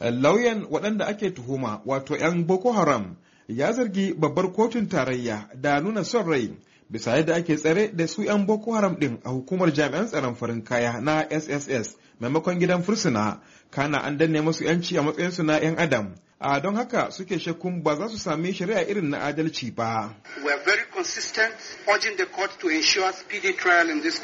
lauyan waɗanda ake tuhuma wato 'yan boko haram ya zargi babbar kotun tarayya da nuna son rai bisa yadda ake tsare da su 'yan boko haram ɗin a hukumar jami'an tsaron farin kaya na sss maimakon gidan fursuna kana an danne masu 'yanci a matsayinsu na 'yan adam a don haka suke shakkun ba za su sami shari'a irin na adalci ba. We are very consistent, urging the court to ensure speedy trial in this,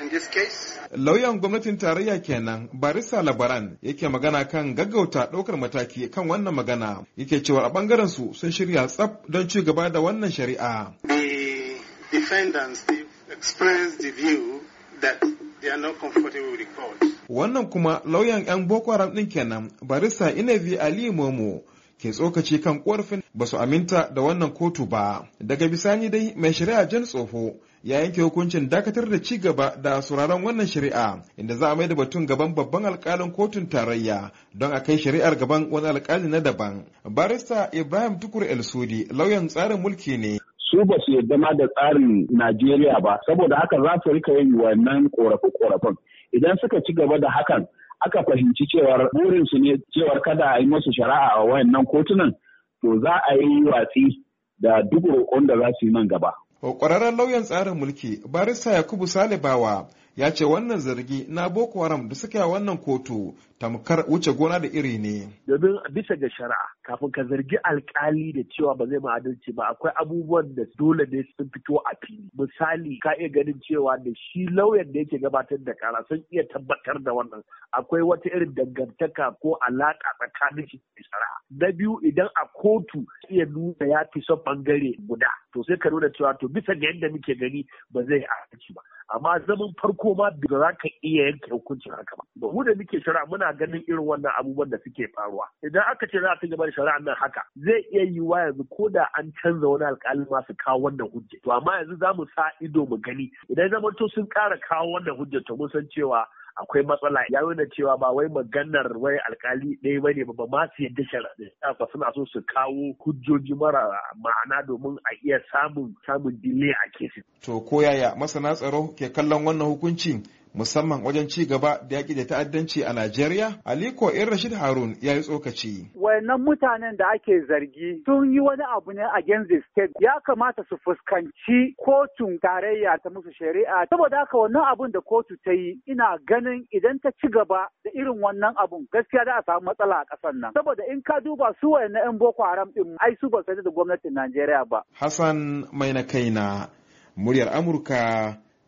in this case. Lauyan gwamnatin tarayya kenan Barisa Labaran yake magana kan gaggauta ɗaukar mataki kan wannan magana yake cewa a ɓangaren su sun shirya tsaf don ci gaba da wannan shari'a. The defendants expressed the view that they are not comfortable with the court. Wannan kuma lauyan 'yan Boko Haram ɗin kenan Barista inevi Ali Momo ke tsokaci kan korafin ba su aminta da wannan kotu ba daga bisani dai mai shari'a jan tsoho ya yanke hukuncin dakatar da ci gaba da sauraron wannan shari'a inda za a mai da batun gaban babban alkalin kotun tarayya don a kai shari'ar gaban wani alkali na daban barista ibrahim tukur el sudi lauyan tsarin mulki ne su ba su yarda ma da tsarin najeriya ba saboda haka za su rika yin wannan korafin korafin idan suka ci gaba da hakan aka fahimci cewar su ne cewar kada a yi masu shari'a a wayannan kotunan to za a yi watsi da duk roƙon da za su yi nan gaba. Kwararren lauyan tsarin mulki barista Yakubu Salibawa ya ce wannan zargi na Boko Haram da suka yi wannan kotu tamkar wuce gona da iri ne. Domin bisa ga shari'a kafin ka zargi alkali da cewa ba zai adalci ba akwai abubuwan da dole ne sun fito a fili. Misali ka iya ganin cewa da shi lauyan da yake gabatar da kara sun iya tabbatar da wannan akwai wata irin dangantaka ko alaƙa tsakanin shi da shari'a. Na biyu idan a kotu iya nuna ya fi son bangare guda to sai ka nuna cewa to bisa ga yadda muke gani ba zai aiki ba amma zaman farko ma ba za ka iya yanke hukuncin haka ba ba mu da muke shari'a muna ganin irin wannan abubuwan da suke faruwa idan aka ce za a gaba da shari'a nan haka zai iya yiwuwa yanzu ko da an canza wani alƙali ma su kawo wannan hujja to amma yanzu za mu sa ido mu gani idan zamanto sun ƙara kawo wannan hujja to mun san cewa akwai matsala ya nuna cewa ba wai maganar wai alkali ɗaya bane ba ma su yadda sharaɗi ba suna so su kawo hujjoji mara ma'ana domin a iya samun samun dile a kesin. To ko yaya masana tsaro ke kallon wannan hukuncin musamman wajen ci gaba da yaƙi da ta'addanci a Najeriya? Aliko in Rashid Harun ya yi tsokaci. Wayannan mutanen da ake zargi sun yi wani abu ne a the state ya kamata su fuskanci kotun tarayya ta musu shari'a saboda haka wannan abun da kotu ta yi ina ganin idan ta ci gaba da irin wannan abun gaskiya za a samu matsala a ƙasar nan saboda in ka duba su wayannan 'yan Boko Haram din ai su ba su da gwamnatin Najeriya ba. Hassan mai na kaina muryar Amurka